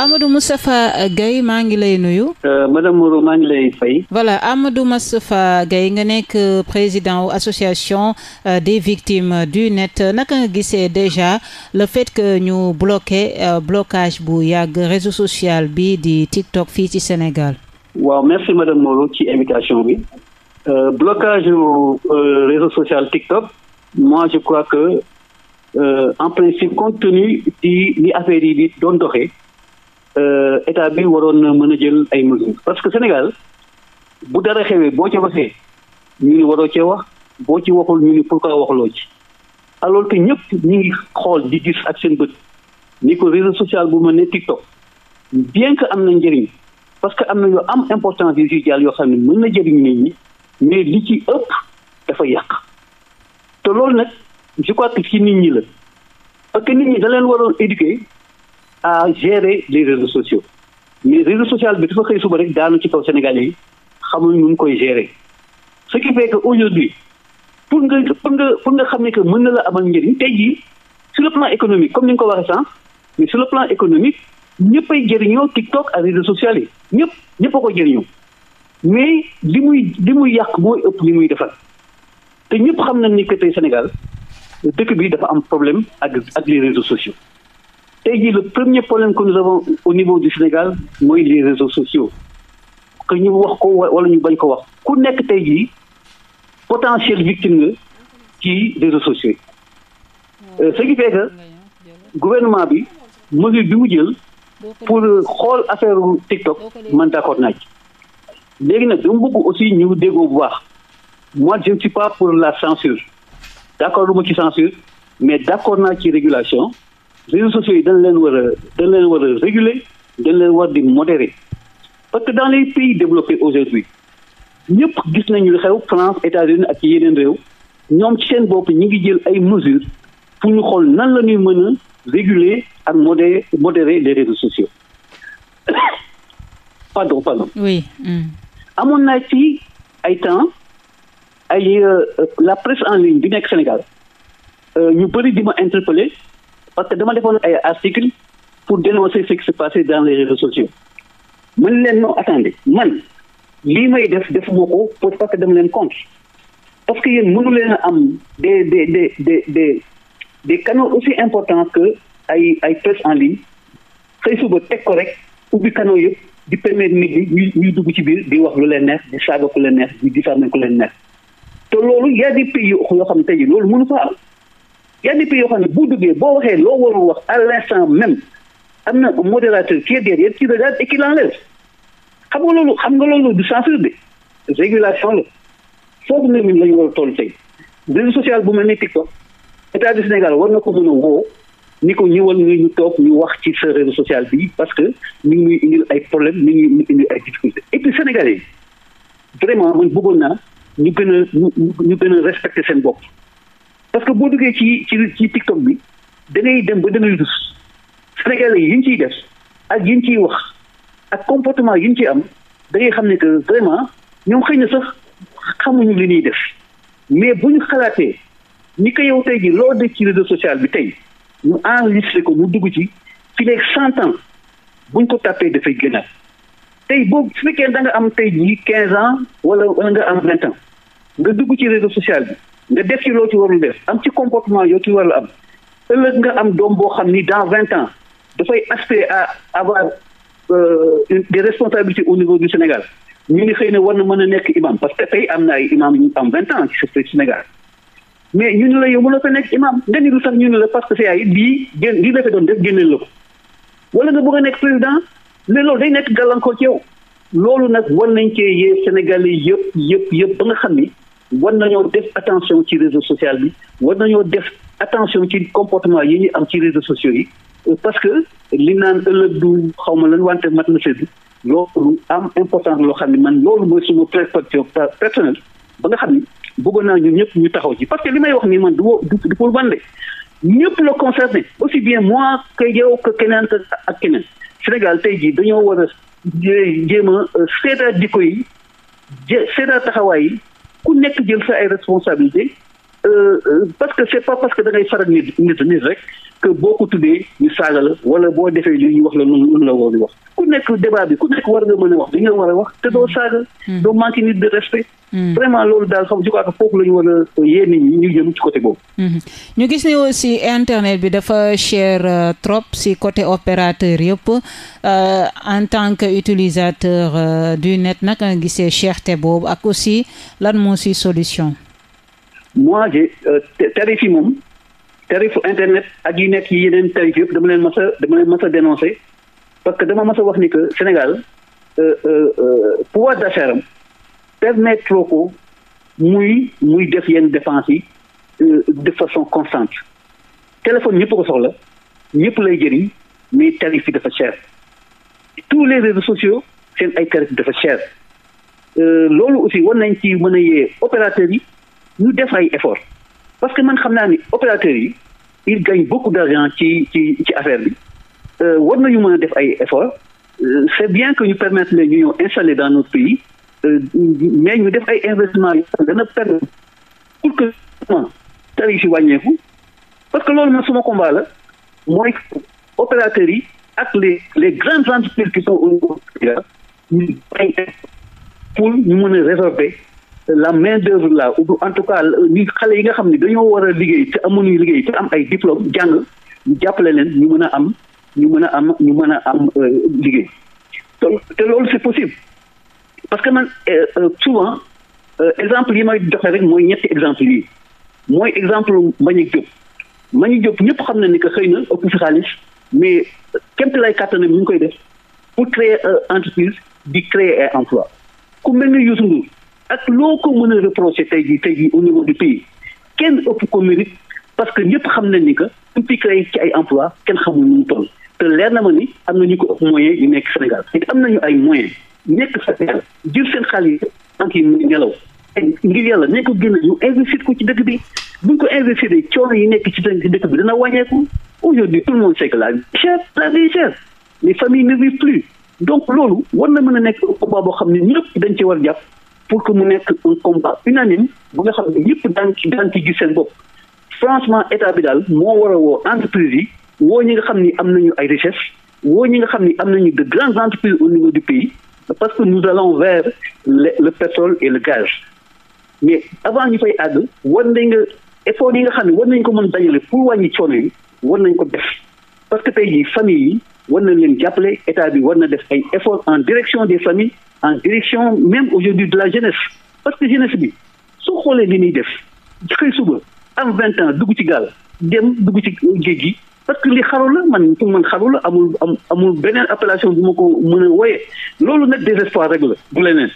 Amadou Moustapha Gaye maa ngi lay nuyu. Euh, madame Moreau maa ngi lay Amadou Moustapha Gaye nga nekk président association euh, des victimes du net naka nga gisee déjà le fait que ñu bloqué euh, blocage bu yàgg réseau social bi di TikTok fii ci Sénégal. waaw merci madame Moreau ci invitation bi. blocage réseau social TikTok moi je crois que en principe compte di li affaire yi di Euh, état bi waroon na mën a jël ay mesures parce que Sénégal bu dara xewee boo ci waxee ñu ni waroo cee wax boo ci waxul ñu ni pourquoi waxuloo ci alors que ñëpp ñu ngi xool di gis ak seen bët ni ko réseau social bu ma ne TikTok bien que am na njëriñ parce que am na yoo am important yu si jàll yoo xam ne mën na jëriñ nit ñi mais li ci ëpp dafa yàq te loolu nag je crois que ci nit ñi la parce que nit ñi da waroon éduquer à gérer les réseaux sociaux mais réseau social bi dafa xëy suba rek daanu ci kaw Sénégalais yi xamul ñu koy gérer ce qui fait que aujourd'hui pour nga pour nga pour nga xam ne que mën na la amal njëriñ tey jii sur le économique comme ni nga ko waxee sànq mais sur le économique économique ñëppay jëriñoo TikTok ak réseaux sociaux yi ñëpp ñëpp ko jëriñoo mais li muy li muy yàq mooy ëpp li muy defar te ñëpp xam nañ ni que tey Sénégal dëkk bi dafa am problème ak ak les tey jii le premier problème que nous avons au niveau du Sénégal mooy les réseaux sociaux que ñu wax ko walla ñu bañ ko wax ku nekk tey jii potentiel victime nga ci réseaux sociaux yi euh, ce que gouvernement bi mesure bi mu jël pour xool affaire TikTok man d'accord naa ci léegi nag dama bëgg aussi ñu déggoo bu baax moi je ne suis pas pour la censure d'accord lu ma ci censure mais d'accord naa ci régulation réseaux sociaux yi dañ leen war a dañ leen war a réguler dañ leen war di modérer parce que dans les pays développés aujourd'hui ñëpp gis nañu xew France États-Unis ak yeneen réew ñoom ci seen bopp ñi ngi jël ay mesures pour ñu xool nan la ñuy mën a réguler ak modé modérer les réseaux sociaux pardon pardon. oui. amoon naa ci ay temps ay euh, euh, la presse en ligne bi nekk Sénégal euh, ñu bëri di ma interpeller parce que dama defoon ay article pour dénoncer ce qui se passait dans les réseaux sociaux mën leen noo attendez man lii may def def moo ko pour parce que dama leen compte parce que yéen mënu leen am de des de de de des canaux aussi important que ay ay presse en ligne xëy suba teg ko rek bi canaux yëpp di permettre nit ñi ñu ñuy dugg ci biir di wax lu leen neex di saaga ku leen neex di diffamer ku leen neex te loolu y a pays yoo xam ne loolu mënu fa am y a des yoo xam ne bu duggee boo waxee loo warul wax à l'instant même am na modérateur qui est derrière qui regarde et qui l'enlève xam nga loolu xam nga loolu du censure bi régulation la foofu na ñun lañu ñu war a toll tey réseau social bu ma ni TikTok état du Sénégal war na ko mën a woo ni ko ñëwal nga ñu toog ñu wax ci sa réseau social bi parce que ñu ngi ñuy indil ay problème ñu ngi ñuy indil ay difficultés et puis sénégalais vraiment man bëggoon naa ñu gën a ñu gën a respecter seen bopp parce que boo duggee ci ci ci TikTok bi da dem ba da ngay dus Sénégalais yi ñu ciy def ak yi ñu ciy wax ak comportement yi ñu ciy am da xam ne que vraiment ñoom xëy na sax xamuñu li ñuy def mais bu ñu xalaatee ni ko yow tey lool loo ci réseau social bi tey ñu enregistré ko mu dugg ci fi cent ans buñ ko tàppee dafay gënaat tey boobu su fekkee da am tey jii quinze ans wala wala nga am vingt ans nga dugg ci réseau social bi nga def ci loo ci war warul def am ci comportement yoo ci warul am ëllëg nga am doom boo xam ni dans vingt ans dafay aspirer à avoir euh, des responsabilités au niveau du Sénégal ñu ngi xëy na war na mën a nekk imam parce que tey am na ay imam yu am vingt ans ci ce Sénégal mais ñu ne la yow a fa nekk imam nga ni lu tax ñu ne la parce que c'est ay bii génn lii la fa doon def génneel la ko wala nga bëgg a nekk président mais loolu day nekk gàllankoor ci yow loolu nag war nañ cee yee Sénégalais yëpp yëpp yëpp ba nga xam ni war nañoo def attention ci réseau social bi war nañoo def attention ci comportement yi ñu am ci réseaux sociaux yi euh, parce que li naan ëllëg du xaw ma lan wante mat na séddu loolu am importance loo xam ne man loolu mooy suma perspective personnel ba nga xam ni bëggoon naa ñun ñëpp ñu taxaw ci parce que li may wax nii man du du pour bande ñëpp la concerné aussi bien moi que yow que keneen ak keneen Sénégal tey jii dañoo war a euh, jéem a euh, seetaat jikko yi seetaat taxawaay ku nekk jël sa ay responsabilité euh, euh, parce que c'est pas parce que da ngay faral nit nit nit rek que boo ko tuddee ñu saaga la wala boo defee li ñu wax la nun lun la woon wax ku nekk débat bi ku nekk war nga mën wax li nga war a wax te doo saaga hmm. doo manqué nit de respect hmm. vraiment loolu daal xam je crois que foofu la ñu war a yee nit ñi ñu jëm ci côté boobu hmm. ñu gis ne aussi internet bi dafa cher euh, trop si côté opérateur yëpp euh, en tant que utilisateur euh, du net naka ngi gisee cherté boobu ak aussi lan moo si solution moi j'ai tarif moom tarifu internet ak yu nekk yi yeneen tarif yëpp dama leen mas a dama leen a dénoncé parce que dama mas a wax ni que Sénégal euh, euh, euh, pouvoir d'achat am permettre ko muy muy def yenn dépenses yi de façon constante téléphone ñëpp ko ñëpp lay jëriñ mais tarif yi dafa cher tous les réseaux seen ay tarif dafa cher loolu aussi war nañ ci mën a yee opérateurs yi ñu def ay efforts parce que man xam naa ni opérateurs yi ils gagnent beaucoup d'argent ci ci ci affaire bi euh, war na ñu mën a def ay efforts euh, c'est bien que ñu permettre leen ñu ñëw installer dans notre pays euh, mais ñu def ay investissements yi dana permettre pour que tarif wàññeeku parce que loolu man suma combat la mooy opérateurs yi ak les les grandes entreprises qui sont pour ñu mën a résorber la main d'œuvre la ou en tout cas ñi xale yi nga xam ne dañoo war a liggéey te amuñu liggéey te am ay diplôme jàng jàppale leen ñu mën a am ñu mën a am ñu mën a am euh, liggéey te loolu c'est possible parce que man euh, euh, souvent exemple yi may joxe rek mooy ñetti exemple yi mooy exemple Mbagnick Diop Mbagnick Diop ñëpp xam na ni que xëy na ëpp fi xaalis mais képp lay kàttanam ñu koy def pour créer entreprise di créer ay emploi ku mel ni Youssou Ndour ak loo ko mën a reproché tey jii tey jii au niveau du kenn ëpp ko mérite parce que ñëpp xam nañ ni que ñu fi créé ci ay emploi kenn xamul nu mu toll te leer na ma ni am na ñu ko ëpp moyen yu nekk Sénégal it am nañu ay moyen nekk Sénégal jël seen xaalis tànk yi muy nelaw ngir yàlla nañ ko gën ñu investir ko ci dëkk bi buñ ko investir coono yi nekk ci dëkk bi dana wàññeeku aujourd'hui tout le monde sait que la vie chère la ne vivent plus donc loolu war na mën a nekk combat boo xam ne ñëpp dañ ci war jàpp pour que mu nekk un combat unanime bu nga xam ne ñëpp daan ci daan ci gis seen bopp franchement état bi daal moo war a woo entreprise yi woo ñi nga xam ni am nañu ay richesse woo ñi nga xam ni am nañu de grandes entreprises au niveau du pays parce que nous allons vers le, le pétrole et le gaz mais avant ñu fay àgg war nañ nga effort yi nga xam ne war nañ ko mën dajale pour wàññi coono yi war nañ ko def parce que tey jii famille yi war nañ leen jàppale état bi war na def ay effort en direction des familles en direction même aujourd'hui de la jeunesse parce que jeunesse bi soo xoolee li ñuy def xëy suba am vingt ans duggu ci gaal dem duggu ci géej gi parce que li xaru la man pour man xaru la amul am amul beneen appellation bu ma ko mën a wooyee loolu nag désespoir rek la du leneen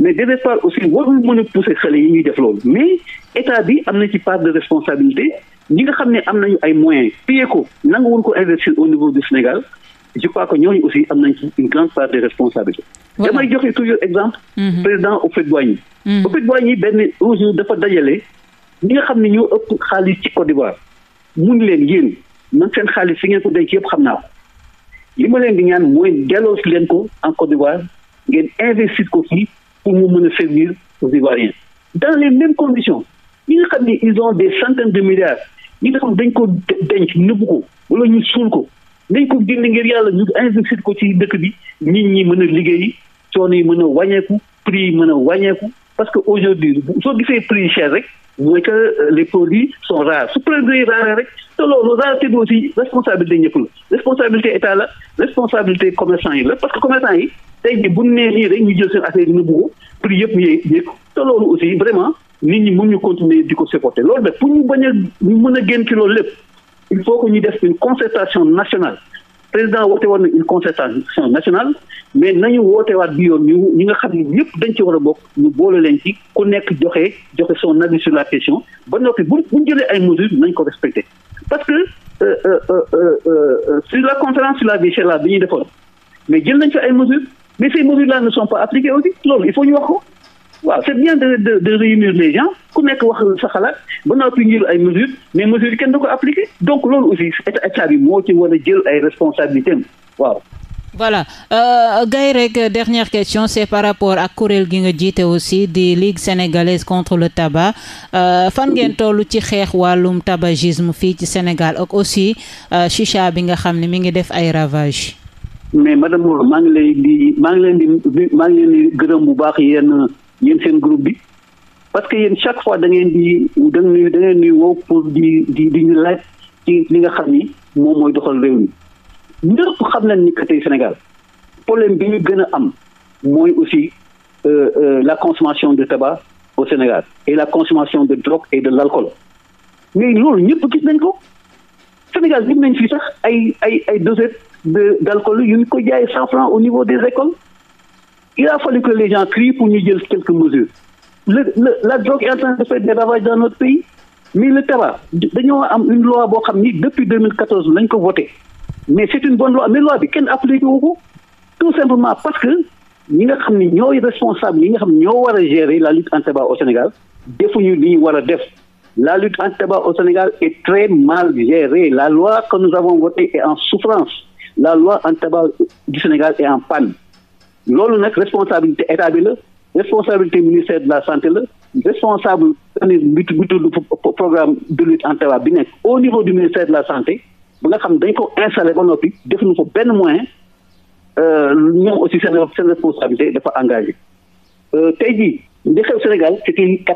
mais désespoir aussi warul mën a pousser xale yi ñuy def loolu mais état bi am na ci part de responsabilité ñi nga xam ne am nañu ay moyen piyee ko nanga woon ko investir au niveau du Sénégal je crois que ñooñu aussi am nañ ci une grande part de responsabilité. damay joxe toujours exemple. Mhm. président Houphouët-Boigny. Mhm. Houphouët-Boigny benn un dafa dajale ñi nga xam ni ñu ëpp xaalis ci Côte d'Ivoire mun leen yéen man seen xaalis fi ngeen ko denc yëpp xam naa ko li ma leen di ñaan mooy delloosi leen ko en Côte d'Ivoire ngeen investir ko fii pour mu mën a servir aux Ivoiriens dans les mêmes conditions ñi nga xam ne ils ont des centaines de milliards ñi nga xam dañ ko denc nëbbu ko wala ñu suul ko. nañ ko génn yàlla ñu investir ko ci dëkk bi nit ñi mën a liggéey coono yi mën a wàññeeku prix yi mën a wàññeeku parce que aujourd'hui soo gisee prix yi cher rek mooy que euh, les produits sont rares su produits rares rek te loolu rareté bi aussi responsabilité ñëpp la responsabilité état la responsabilité commerçant yi la parce que commerçant yi tey jii bu nee nii rek ñu jël seen affaire yi ñu bëgg prix yëpp yéeg te loolu aussi vraiment nit ñi mën ñu continuer di ko supporter loolu nag pour ñu bañ a ñu mën a loolu lépp il faut que ñu def une concertation nationale président woote woon na une concertation nationale mais nañu wootewaat bi yoon ñu ñi nga xam ne ñëpp dañ ci war a bokk ñu boole leen ci ku nekk joxe joxe soo avis su la question ba noppi bu buñ jëlee ay mesures nañ ko respecté parce que euh, euh, euh, euh, euh la conférence sur la vie chère la bi ñuy defoon mais jël nañ fa ay mesures mais ces mesures là ne sont pas appliquées aussi loolu il faut ñu wax ko waaw c'est bien de de réunir les gens ku nekk wax sa xalaat ba noppi ñu ay mesures mais mesures kenn du ko appliquer donc loolu aussi état bi moo ci war a jël ay responsabilités am waaw. voilà euh, Gaye rek dernière question c'est par rapport ak kuréel gi nga jiite aussi di Ligue sénégalaise contre le tabac euh, fan ngeen toll ci xeex wàllum tabagisme fii ci Sénégal ak aussi euh, chicha bi nga xam ne mi ngi def ay ravages. mais madame Moreau maa ngi lay maa ngi leen di ngi leen gërëm bu baax yéen. yéen seen groupe bi parce que yéen chaque fois dangeen di da ngeen da ngeen di pour di di di ñu li nga xam ni moom mooy doxal réew mi ñëpp xam nañ ni que tey Sénégal problème bi ñu gën a am mooy aussi euh, euh la consommation de tabac au Sénégal et la consommation de drogue et de l'alcool mais loolu ñëpp gis nañ ko Sénégal gis nañ fii sax ay ay ay dosettes de d'alcool yu ñu ko jaayee cent francs au niveau des écoles Il a fallu que les gens crient pour nous dire quelques la drogue en train de faire des ravages dans notre pays. mais le tabac dañoo am une loi boo xam ni depuis 2014 lañ ko voté mais c'est une bonne loi mais loi bi kenn appliqué wu ko tout simplement parce que ñi nga xam ni ñooy responsable ñi nga xam ñoo war a gérer la lutte anti-tabac au Sénégal defuñu li ñu war a def la lutte anti-tabac au Sénégal est très mal gérée la loi que nous avons votée est en souffrance la loi anti-tabac du loolu nag responsabilité état bi la responsabilité ministère de la santé la responsable bi tudd programme de lutte antidrogue bi nekk au niveau du ministère de la santé ba nga xam dañ ko installé ba noppi def ñu ko benn moyen euh, ñoom aussi seen seen responsabilité dafa engagé euh, tey jii li xew Sénégal c' est une la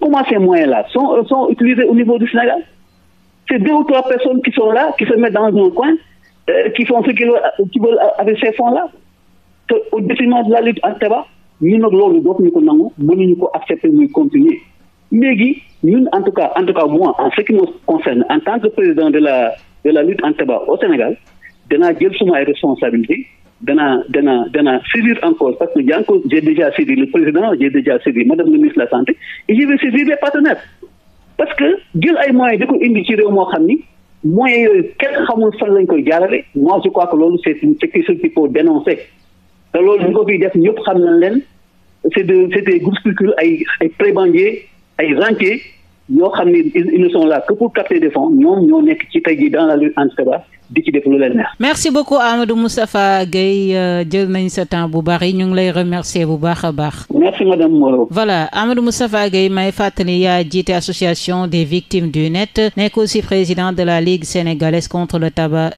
comment ces moyens là sont sont utilisés au niveau du Sénégal c' est deux ou trois personnes qui sont là qui se mettent dans un coin euh, qui font ce qu'ils veulent avec ces fonds là te au détriment de la lutte en tabac ñun nag loolu dootuñu ko nangu ñu ko accepter muy continuer léegi ñun en tout cas en tout cas moi en ce qui me concerne en tant que président de la de la lutte en tabac au Sénégal danaa jël suma ay responsabilité danaa danaa danaa saisir encore parce que j' ai j'ai déjà saisi le président j'ai déjà saisi madame le ministre de la santé et je vais saisir les partenaires parce que jël ay moyens di ko indi ci réew moo xam ni moyens yooyu kenn xamul fan lañ koy jaarale moi que loolu c' te loolu ñu ko fiy def ñëpp xam nañ leen c'est de c'est des groupes culturels ay ay prébendiers ay rentiers yoo xam ne ils ne sont là que pour capter des fonds ñoom ñoo nekk ci tey jii dans la lutte anti-tabac di ci def lu leen neex. merci beaucoup Amadou Moustapha Gueye euh, jël nañ sa temps bu bari ñu ngi lay remercier bu baax a baax. merci madame Moreau. voilà Amadou Moustapha Gueye may fàttali yaa jiite association des victimes du net nekk aussi président de la ligue sénégalaise contre le tabac.